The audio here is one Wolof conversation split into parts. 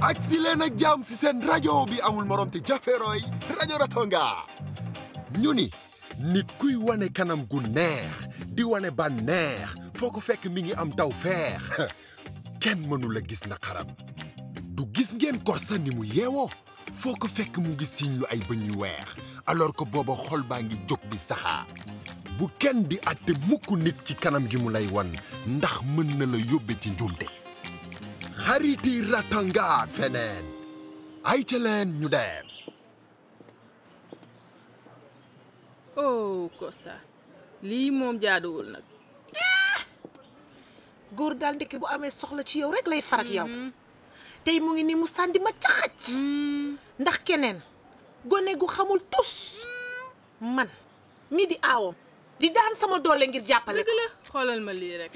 ak si leen ak jàmm si seen rajo bi amul morom te jafeerooy rajo Ratonga ñu ni nit kuy wane kanam gu neex di wane ba neex foo ko fekk mi ngi am taw feex kenn mënu la gis na xaram du gis ngeen korsa ni mu yeewoo foo ko fekk mu ngi siñlu ay bëñ yu weex alors que booba xol baa ngi jóg bi saxaa bu kenn di àtte mukk nit ci kanam gi mu lay wan ndax mën na la yóbbe ci njuumte xariti ratanga ak feneen ay ca leen ñu dem oh Kosa lii moom jaaduwul nag góor daal ndekki bu amee soxla ci yow rek lay farak yow mm-hmm. tey mu ngi ni mu sàndi ma ca xaj mm-hmm. ndax keneen gone gu xamul tus mm-hmm. man mi di aawam di daan sama doole ngir jàppale dëgg la xoolal ma lii rek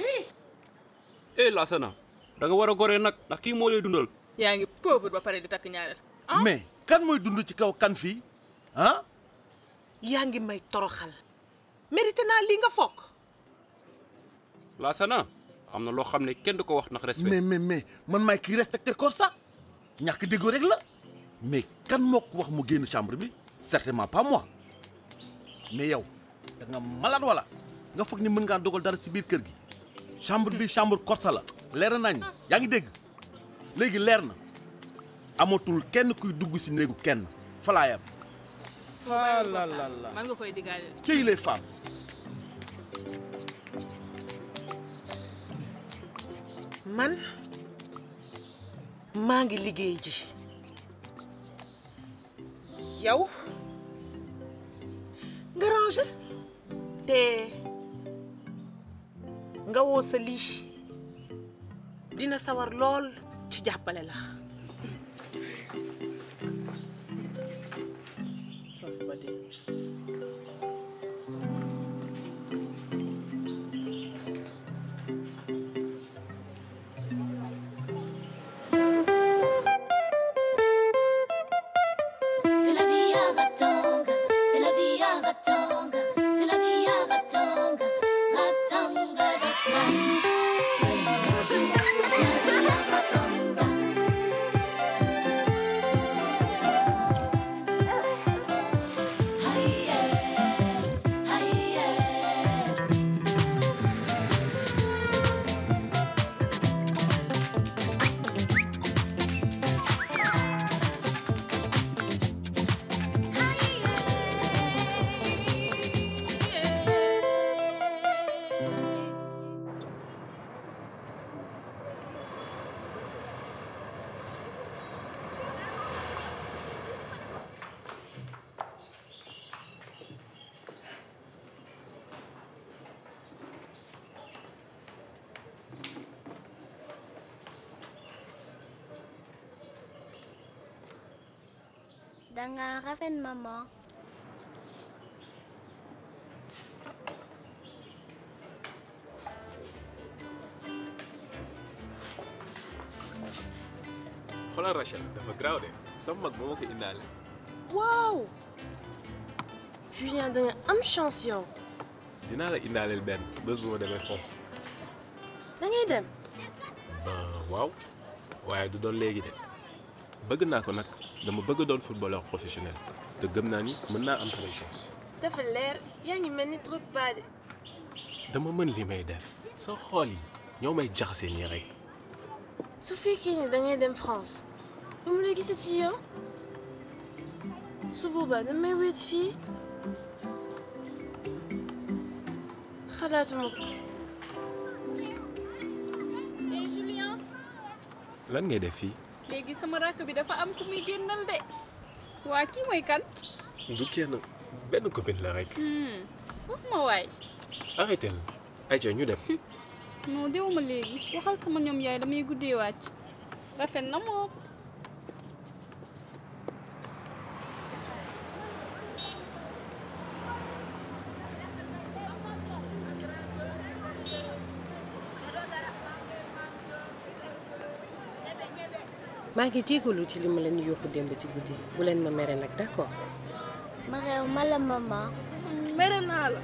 danga war a goree nag ndax kii moo lay dundal. yaa ngi pauvre ba pare di takk ñaareel. Ah? mais kan mooy dund ci kaw kan fii ah. yaa ngi may toroxal. mérité naa lii nga foog. laasana am na loo xam ne kenn du ko wax ndax respect. mais mais mais man maay kii respecté ko sax ñàkk déggoo rek la mais kan moo ko wax mu génn chambre bi certainement pas moi mais yow da nga malade wala nga foog ni mën ngaa dogal dara ci biir kër gi. chambre bi chambre corsa la leer nañ yaa ngi dégg léegi leer na amatul kenn kuy dugg ci néegu kenn falaayam falalala man nga koy diggaale ciy les femmes man maa ngi liggéey ji yow nga te ngawoo sa lii dina sawar lool ci jàppale la danga rafet maman. xoolal Rachel dafa graaw de sama mag moo ma ko indaale. waaw. Julien da nga am chance dinaa la indaaleel benn bés bu ma demee France. da dem. E e waaw waaye du doon léegi de bëgg naa ko nag. dama bëgg a doon footballeur professionnel te gëm naa ni mën naa am samay chance. dafa leer yaa ngi mel ni Drogba de. dama mën li may def soo xool yi ñoo may jaxase nii rek. su fekkee ni da dem France nu mu la gisee ci yow su boobaa damay wéet fii xalaatuma ko. Eh, lan ngay def fii. léegi sama rakk bi dafa am ku muy génnal de waa kii mooy kan. du kenn benn copine la rek. Hmm. wax ma waay. arrêté na ayca ñu dem. non ma léegi waxal sama ñoom yaay damay guddee wàcc rafet na moom. maa ngi jégalu ci li ma leen yóbbu démb ci guddi bu leen ma mere nag d'accord. ma xew ma la maman. mere naa la.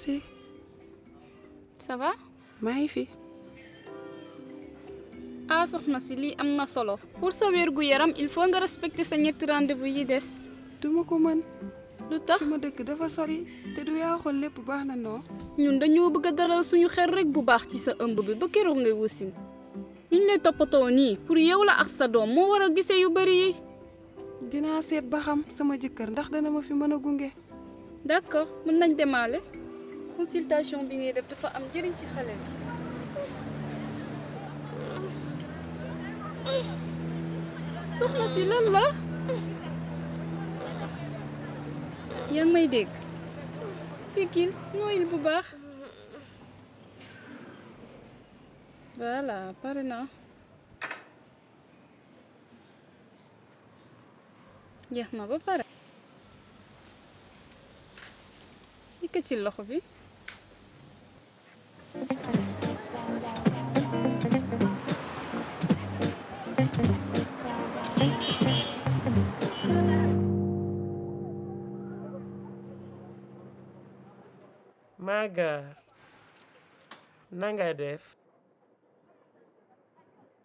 passé ça maa ngi fi. ah na si lii am na solo. pour sa wér gu yaram il faut nga respecter sa ñetti rendez yi des. du ma ko mën. lu tax ma dëkk dafa sori te du yaa xool lépp baax na noo. ñun dañoo bëgg a dalal suñu xel bu baax ci sa ëmb bi ba keroog ngay wusin ñun lay toppatoo nii pour yow la ak sa doom moo war a gisee yu bari yi. dinaa seet ba xam sama jikkër ndax dana ma fi mën a gunge. d'accord mën nañ demaale. consultation bi ngay def dafa am njëriñ ci xale bi soxna si lan yaa ngi may dégg sikkil nooyil bu baax voilà pare naa jeex na ba pare yëkkati ci loxo bi Magar na nga def.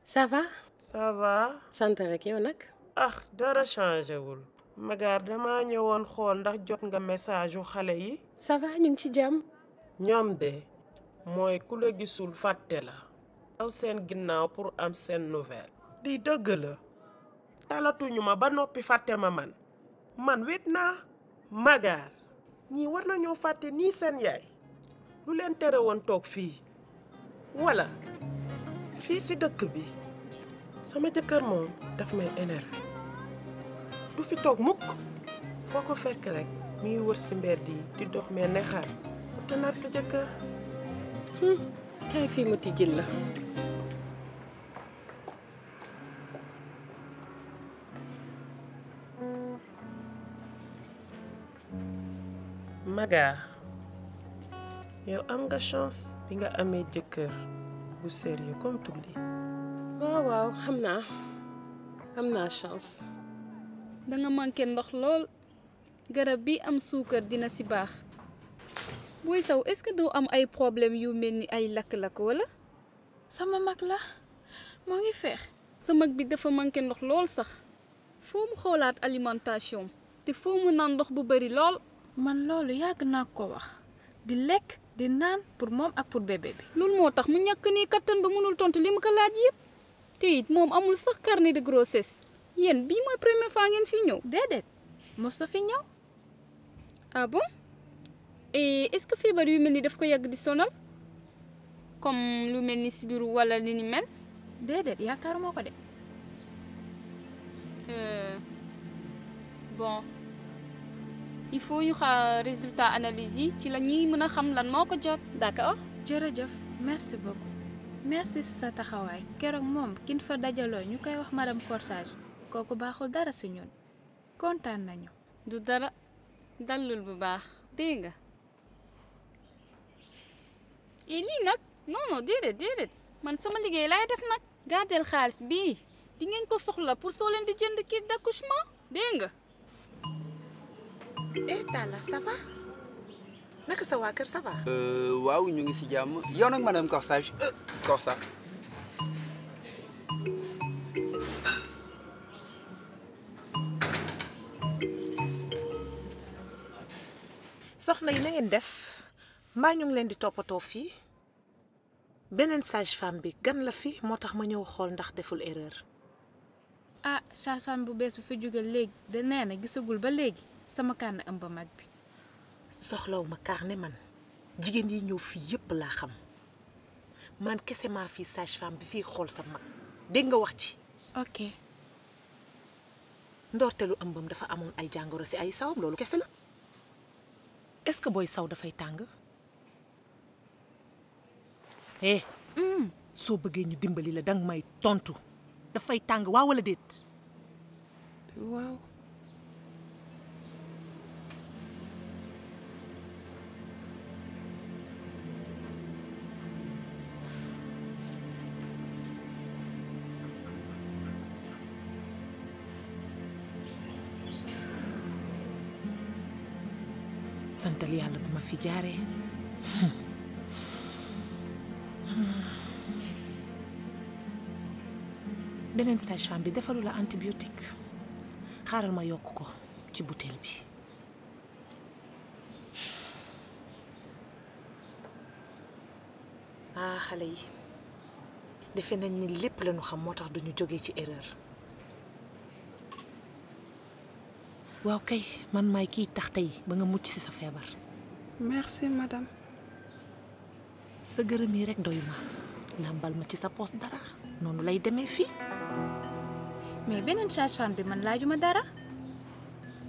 sava sava ça rek yow nag. ah dara changewul wul. Magar dama ñëwoon xool ndax jot nga message wu xale yi. ça va ci jam ñoom de. mooy ku la gisul fàtte la daw seen ginnaaw pour am seen nouvelle di dëgg la talatuñu ma ba noppi fàtte ma man man wet naa magaar ñii war nañoo fàtte nii seen yaay lu leen tere woon toog fii walla fii ci dëkk bi sama jëkkër moom daf may énervé du fi toog mukk foo ko fekk rekk mi ngi wër ci mbedd yi di dox mel ne xar te sa jëkkër kaay hmm, fii ma tijjil la Maga yow am nga chance bi nga amee jëkkër bu sérieux comme Tulli waaw waaw xam naa am naa chance danga manqué ndox lool garab bi am suukar dina ci baax booy saw est-ce que doo am ay problème yu mel ni ay lakk-lakk wala. sama mag la moo ngi feex sa mag bi dafa manqué ndox lool sax foo mu xoolaat alimentation te foo mu naan ndox bu bari lool. man loolu yàgg naa ko wax di lekk di naan pour moom ak pour bébé bi. loolu moo tax mu ñàkk nii kattan ba mënul tontu li mu ko laaj yëpp te it moom amul sax carnet de grossesse yéen bii mooy première fois ngeen fi ñëw. déedéet mosoo fi ñëw. Ah et est-ce que feebar yu mel ni daf ko yàgg di sonal comme lu mel ni sibiru walla li ni mel. déedéet yaakaaruma ko de. Euh, bon il faut ñu xaar résultat analyse yi ci la ñuy mën a xam lan moo ko jot d'accord. jërëjëf merci beaucoup merci sa taxawaay keroog moom kin fa dajaloo ñu koy wax madame corsage kooku baaxul dara si ñun kontaan nañu. du dara dalul bu baax dégg nga. et nag non déedéet déedéet man sama liggéey laay def nag gardeel xaalis bii di ngeen ko soxla pour soo leen di jënd kit d'accouchement dégg nga. eh Talla ça va sa waa kër ça euh, waaw ñu ngi si jàmm yow nag madame Corsage euh, Corsa. soxna yi na ngeen def. mbaa ñu ngi leen di toppatoo fii beneen sage bi gan la fi moo tax ma ñëw xool ndax deful erreur. ah sage bu bees bi fi jóge léegi da nee na gisagul ba léegi sama carnet ëmb mag bi. soxlawu ma ne man jigéen yi ñëw fii yépp laa xam man kese maa fii sage bi fii xool sama mag dégg nga wax ci. ok. ndoortelu ëmbam dafa amoon ay jàngoro si ay sawam loolu kese la est-ce que booy saw dafay tàng. eh mm. soo bëggee ñu dimbali la danga may tontu dafay tàng waaw wala déet waaw santal yàlla bu ma fi jaaree beneen sage bi defalu la antibiotique xaaral ma yokk ko ci butéel bi ah xale yi defe nañ ni lépp lañu xam moo tax duñu jóge ci erreur waaw kay man may kii tax tey ba nga mucc ci sa feebar merci madame sa gërëm yi rekk doy ma làmbal ma ci sa poos dara noonu lay deme fii mais beneen sage-femme bi man laajuma dara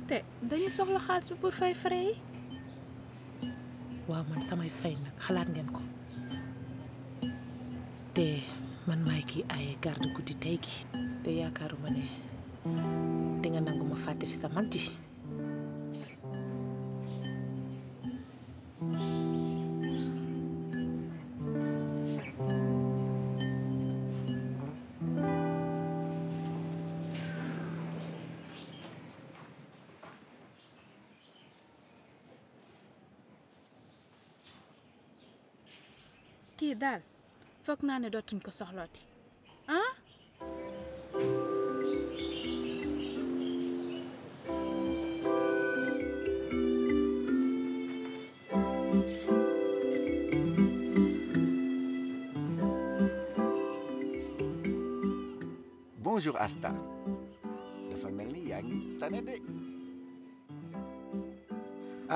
te dañu soxla xaalis bi pour fay frais yi. waaw man samay fay nag xalaat ngeen ko te man maay kii ay garde guddi tey gi te yaakaaruma ne dinga nangu ma fàtte fi sa mag ji. foog naa ne dootuñ ko soxlooti ah. bonjour Asta dafa mel ni yaa ngi tane de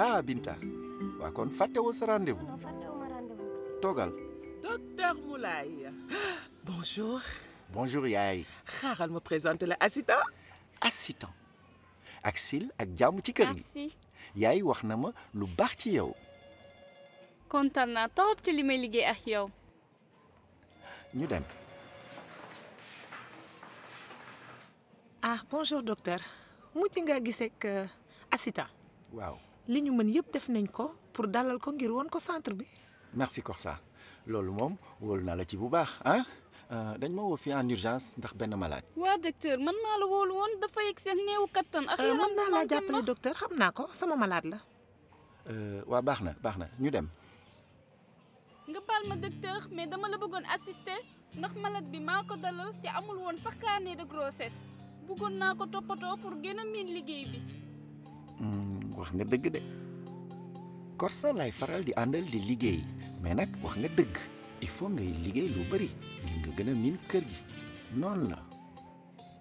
ah Binta waa kon fàttewoo sa rendez-vous toogal. docteur Moulay. bonjour. bonjour yaay. xaaral ma présenter la assistant. assistant ak Sil ak jàmm ci kër gi. yaay wax na ma lu baax ci yow. kontaan naa trop ci li may liggéey ak yow. ñu dem. ah bonjour docteur mujj nga gisee ak euh, Asita. waaw li ñu mën yëpp def nañ ko pour dalal ko ngir won ko centre bi. merci Corsa. loolu moom wóolu naa la ci bu baax ah dañ ma woo fii en urgence ndax benn malaat waa docteur man maa la wóolu woon dafa yegg seen néew kattan. ak euh, yaram xam naa ko sama malade la. Euh, waa na baax na ñu dem. nga bi maa ko dalal te amul woon sax carnet de grossesse bëggoon naa ko toppatoo pour gën a miin liggéey bi. Hmm, wax nga dëgg de. Corsa lay faral di àndal di liggéey. mais nag wax nga dëgg il faut ngay liggéey lu bari ngir nga gën a miin kër gi noonu la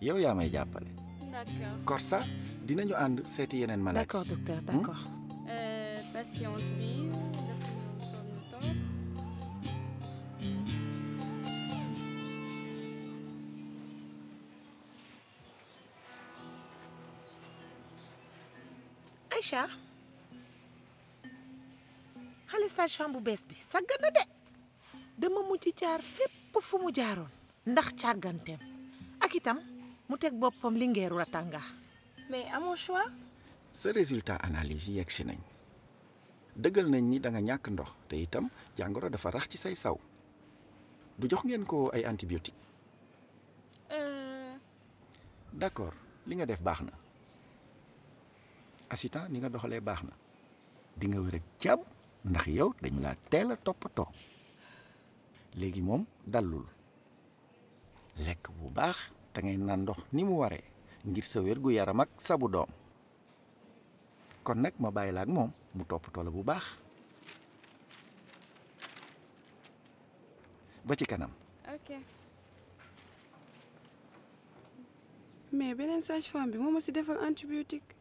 yow yaa may jàppale. d'accord Corsa dinañu ànd seeti yeneen maladies. d'accord docteur hmm? d'accord. Euh, sage femme bu bees bi saggan na de dama mujj jaar fépp fu mu jaaroon ndax càgganteem ak itam mu teg boppam li ngeeru ratanga mais amoo choix sa résultat analyse yi yegg si nañ dëggal nañ ni da nga ñàkk ndox te itam jàngoro dafa rax ci say saw du jox ngeen ko ay antibiotique euh. d'accord li nga def baax na assistant ni nga doxalee baax na di wér ak jàmm ndax yow dañu laa teel a toppatoo léegi moom dallul lekk bu baax da ngay naan ndox ni mu waree ngir sa wér gu yaram ak sabu doom kon nag ma bàyyi la ak moom mu toppatoo la bu baax ba ci kanam. ok mais beneen sage-femme bi moom ma si defal antibiotique.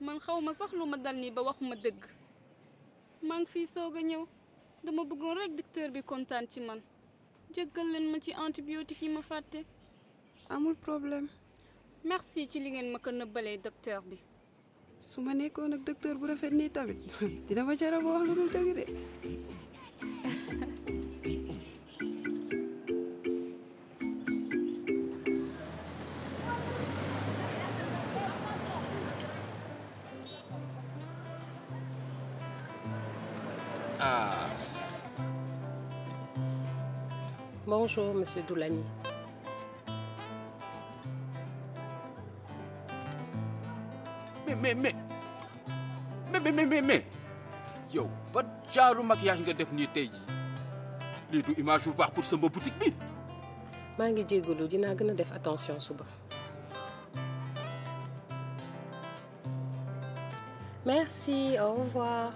man xaw ma sax lu ma dal nii ba waxuma dëgg. maa ngi fii soog a ñëw dama bëggoon rek docteur bi kontaan ci man jéggal leen ma ci antibiotique yi ma fàtte. amul problème. merci ci li ngeen ma ko nëbbalee docteur bi. su ma nekkoon ak docteur bu rafet nii tamit dina ma jar a wax lu dul de. Bonjour, Monsieur Doulani. mais mais mais mais mais ba jaaru maquillage nga def nii tey jii lii du image bu baax pour sama boutique bi. maa ngi jégalu dinaa gën a def attention suba. merci au revoir.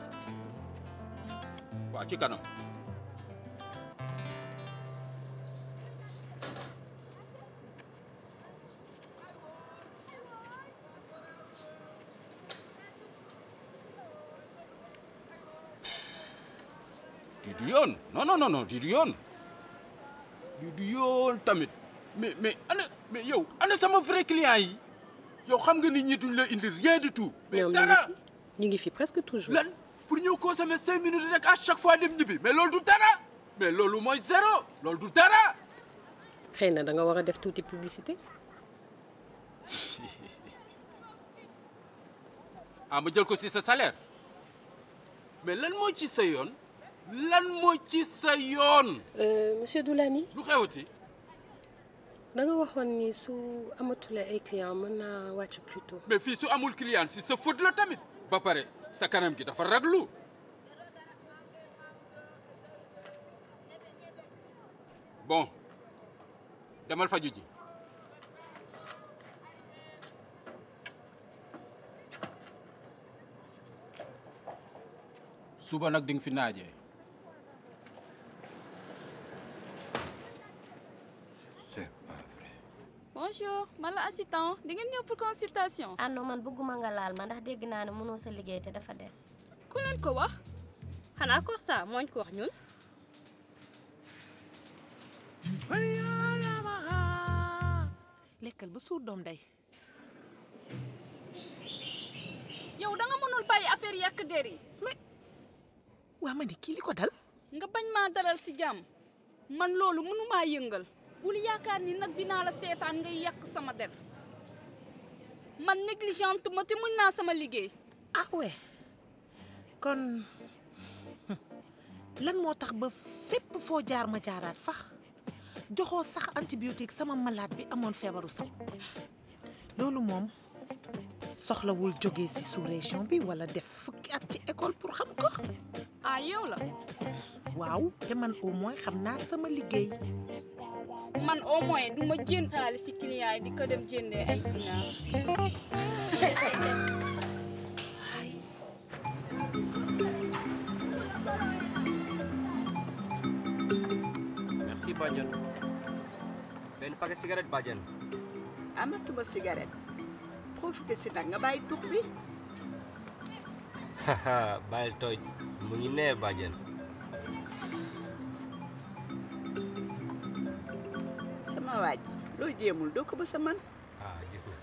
ci kanam. non non non yoon du yoon tamit mais mais ana mais yow ana sama vrai client yi yow xam nga nit ñi duñ la indi rien di tout. mais dara ñu ngi fi presque toujours. lan pour ñu consommer cinq minutes rek à chaque fois dem ñibbi mais loolu du dara mais loolu mooy zéro loolu du dara. xëy na da nga war a def tuuti publicité. ama ah, jël ko ci sa salaire mais lan moo ci sa yoon. lan mooy ci sa yoon. Euh, monsieur Doulani. lu xewati da nga waxoon ni su amatulee ay client mën na wàcc plus tôt. mais fii su amul client si sa faute la tamit. ba pare sa kanam gi dafa raglu. bon demal faju ji. suba nag di nga fi naajee. bonjour man la assistant di ngeen ñëw pour consultation. ah non man bëgguma nga laal ma ndax dégg naa ne mënoo sa liggéey te dafa des. ku leen ko wax. xanaa Corsa mooñ ko wax ñun. lekkal ba suur doom day. yow da nga bàyyi affaire yàq der yi. mais waa ma di kii li ko dal. nga bañ maa dalal si jàmm man loolu mënumaa yëngal. bul yaakaar ni nag dinaa la seetaan ngay yàq sama der man négligente ma te mën naa sama liggéey ah kon lan moo tax ba fépp foo jaar ma jaaraat fax joxoo sax antibiotique sama malaat bi amoon feebaru sax loolu moom soxlawul jóge ci sous-région bi walla def fukki at ci école pour xam ko ah yow la waaw te man au xam naa sama liggéey man au moins jën xaalis ci client yi di ko dem jëndee ay ginaar. merci Badiane. benn paquet cigarette Badiane. amatuma cigarette. profité si nag nga bàyyi tux bi. bàyyil tooy mu ngi nee Badiane. sama loo jéemul doo ko ba sa man ah gis na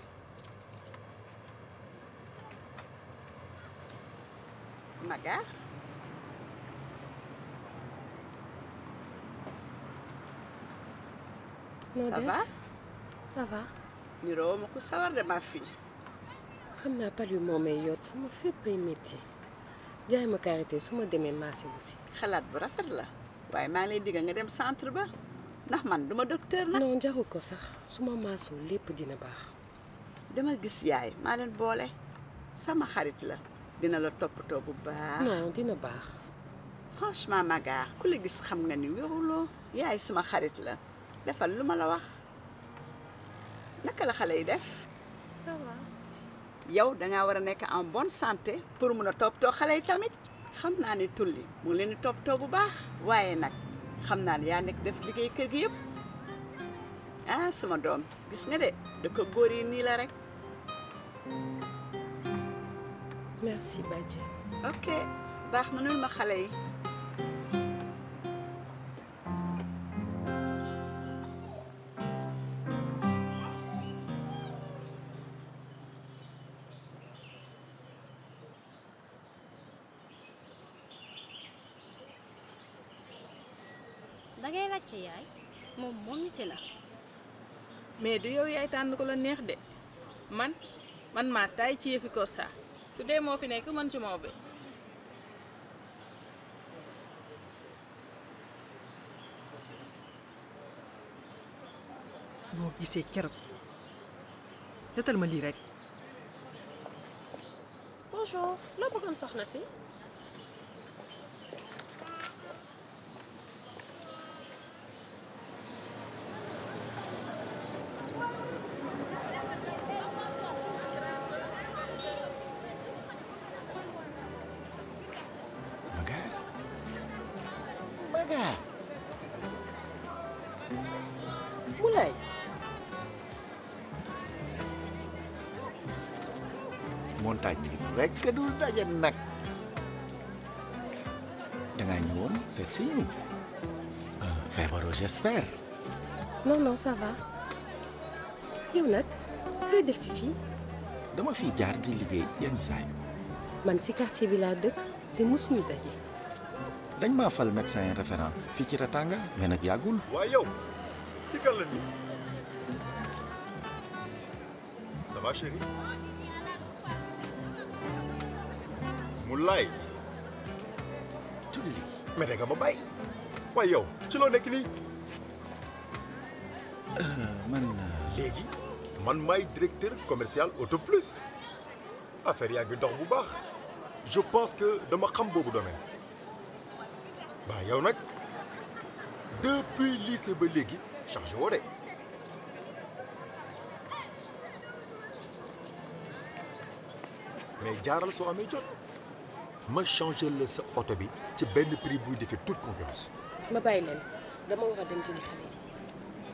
maga ça va ça ku sawar de ma fii xam naa pal yu moomee yoot sama fépp ay métti jaay ma karité su ma demee marché aussi xalaat bu rafet la waaye maa lay digga nga dem centre ba ndax man duma docteur nag. non jaru ko sax su ma maasoo lépp dina baax. dama gis yaay maa leen boole sama xarit la dina la toppatoo bu baax. non dina baax. franchement Magar ku la gis xam nga ni wéruloo yaay suma xarit la defal lu ma la wax naka la xale yi def. yow dangaa war a nekk en bon santé pour mun a too xale yi tamit xam naa ni tulli mu leen di too bu baax waaye nag. xam naa ne yaa nekk def liggéey kër gi yëpp ah sama doom gis nga de da ko góor yi nii la rek. si Badji. ok baax na nuyul ma xale yi. wàcc moom moom niti la mais du yow yaay tànn ko la neex de man man maa taay ci yëfi ko su dee moo fi nekk mën ci moo bi boo gisee keroog jotal ma lii rek bonjour loo bëggoon soxna si ka dul daje nag dangaa seet si ñu euh, feebaroo j'espère non non ça yow nag looy def si fii dama fi jaar di liggéey yenn saa man si quartier bi laa dëkk te mosuñu daje dañ maa fal médecin référent fii ci Ratanga mais nag yàggul waaye yow ci kan la nii ça va Moulay tulli mais da nga ma bàyyi waaye yow ci loo nekk nii. Euh, man. Euh, léegi man maay directeur commercial auto plus affaire yaa ngi dox bu baax je pense que dama xam boobu domaine ba yow nag depuis lycée ba léegi chargé woo de. jaaral soo amee jot. ma changer sa oto bi ci benn prix buy defee toute concurrence. ma bàyyi leen dama war a dem jëli xale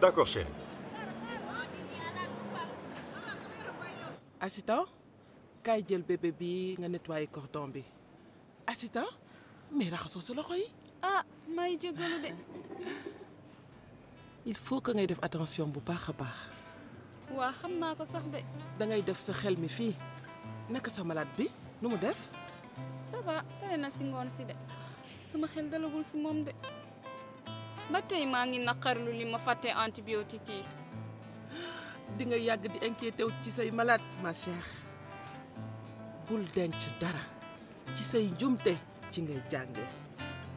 d'accord chérie. assistant kaay jël bébé bi nga nettoyer cordon bi assistant mais raxasoo sa loxo yi. ah may jégalu de. il faut que ngay def attention bu baax a baax. waa xam naa ko sax de. da def sa xel mi fii naka sa malaat bi nu mu def. ça va tane na si ngoon si de sama xel dalagul si moom de ba tey maa ngi naqarlu li ma fàtte antibiotique yi di nga yàgg di inquiété wu ci say malade ma chère bul denc dara ci say njumte ci ngay jànge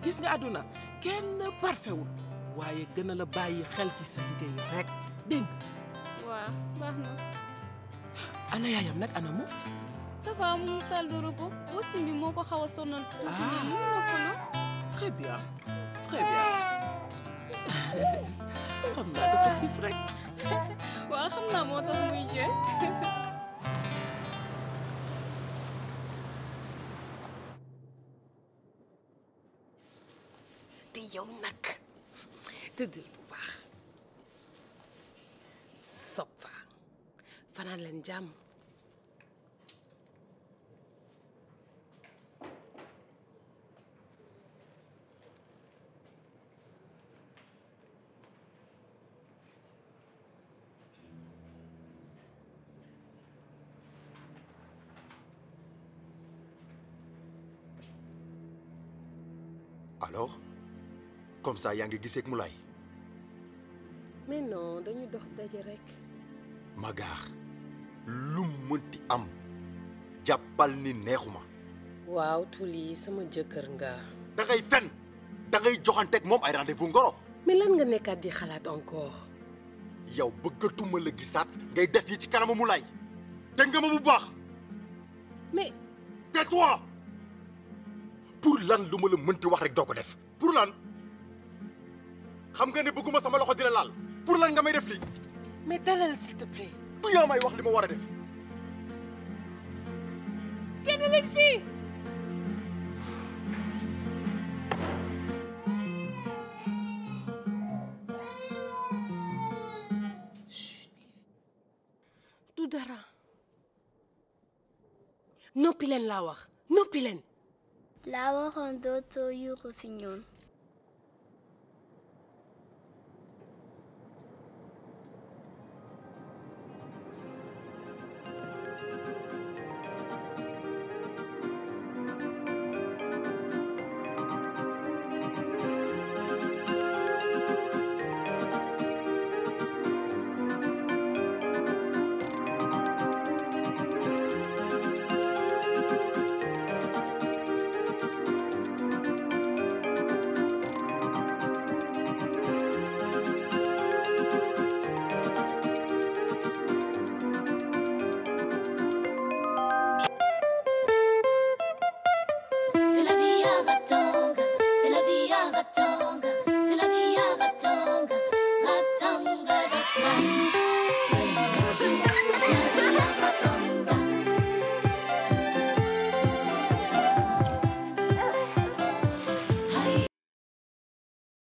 gis nga àdduna kenn parfait waaye gën a la bàyyi xel ci sa liggéey rek dégg nga baax na ana yaayam nag ana mu ça va mu ngi salle de repos wasin bi moo ko xaw a sonal na. très bien très bien xam naa dafa xiif rek. waaw xam naa moo tax muy jooy. yow nag tëddal bu baax. soppa fanaan leen jàmm. alors comme yaa ngi giseeg Moulay. mais non dañu dox daje rek. Magaar lu mënti am jàppal ni ma waaw Tuli sama jëkkër nga. da ngay fen da ngay moom ay rendez-vous ngoro. mais nga nekkaat di xalaat encore. yow bëggatuma la gisaat ngay def yi ci kanamu Moulay dégg ma bu baax. mais tais-toi. pour lan lu ma la mënti wax rek doo ko def pour lan xam nga ne bëgguma sama loxo di la laal pour lan nga may def lii. mais dalal s'il te plaît. du yaa may wax li ma war a def. génn leen fii. du dara noppi leen laa wax noppi leen. laa waxoon dootoo yuuxu si ñoom